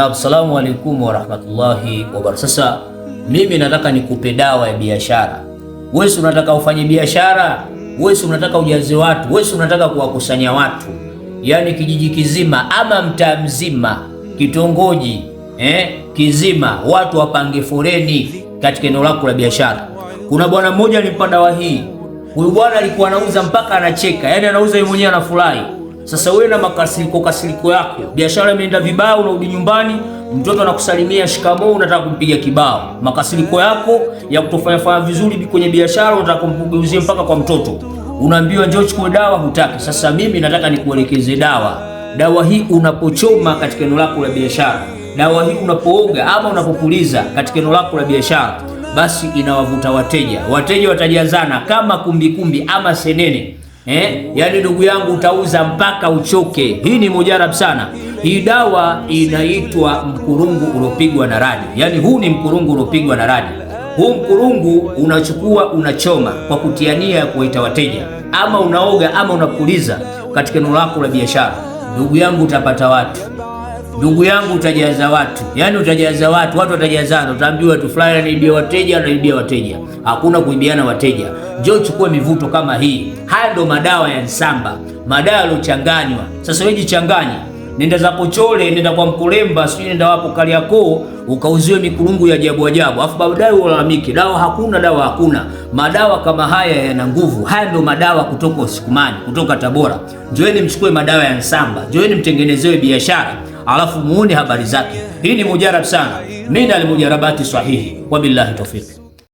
Na assalamu alaikum wa barakatuh. Sasa mimi nataka nikupe dawa ya biashara. Wewe unataka ufanye biashara, wewe unataka ujaze watu, wewe unataka kuwakusanya watu, yaani kijiji kizima ama mtaa mzima, kitongoji eh, kizima, watu wapange foreni katika eneo lako la biashara. Kuna bwana mmoja alimpa dawa hii. Huyu bwana alikuwa anauza mpaka anacheka, yaani anauza yeye mwenyewe anafurahi. Sasa wewe na makasiriko kasiriko yako, biashara imeenda vibaya, unarudi nyumbani, mtoto anakusalimia shikamoo, unataka kumpiga kibao. Makasiriko yako ya kutofanya fanya vizuri kwenye biashara, unataka kumgeuzia mpaka kwa mtoto, unaambiwa njoo chukue dawa, hutaki. Sasa mimi nataka nikuelekeze dawa. Dawa hii unapochoma katika eneo lako la biashara, dawa hii unapooga ama unapopuliza katika eneo lako la biashara, basi inawavuta wateja. Wateja watajazana kama kumbikumbi kumbi ama senene Eh, yaani ndugu yangu utauza mpaka uchoke. Hii ni mujarabu sana. Hii dawa inaitwa mkurungu uliopigwa na radi, yaani huu ni mkurungu uliopigwa na radi. Huu mkurungu unachukua unachoma kwa kutiania ya kuwaita wateja, ama unaoga ama unapuliza katika eneo lako la biashara. Ndugu yangu utapata watu ndugu yangu, utajaza watu, yaani utajaza watu, watu watajazana, utaambiwa tu fulani anaibia wateja, anaibia wateja. Hakuna kuibiana wateja. Njoo chukue mivuto kama hii. Haya ndo madawa ya Nsamba, madawa yaliochanganywa. Sasa wewe jichanganye, nenda za Pochole, nenda kwa Mkulemba, sijui nenda wapo Kariakoo, ukauziwe mikulungu ya ajabu ajabu, afu baadaye ulalamike dawa hakuna, dawa hakuna. Madawa kama haya yana nguvu. Haya ndo madawa kutoka Usukumani, kutoka Tabora. Njoeni mchukue madawa ya Nsamba, njoeni mtengenezewe biashara alafu muone habari zake. Hii ni mujarab sana, min almujarabati sahihi. Wabillahi tawfiki.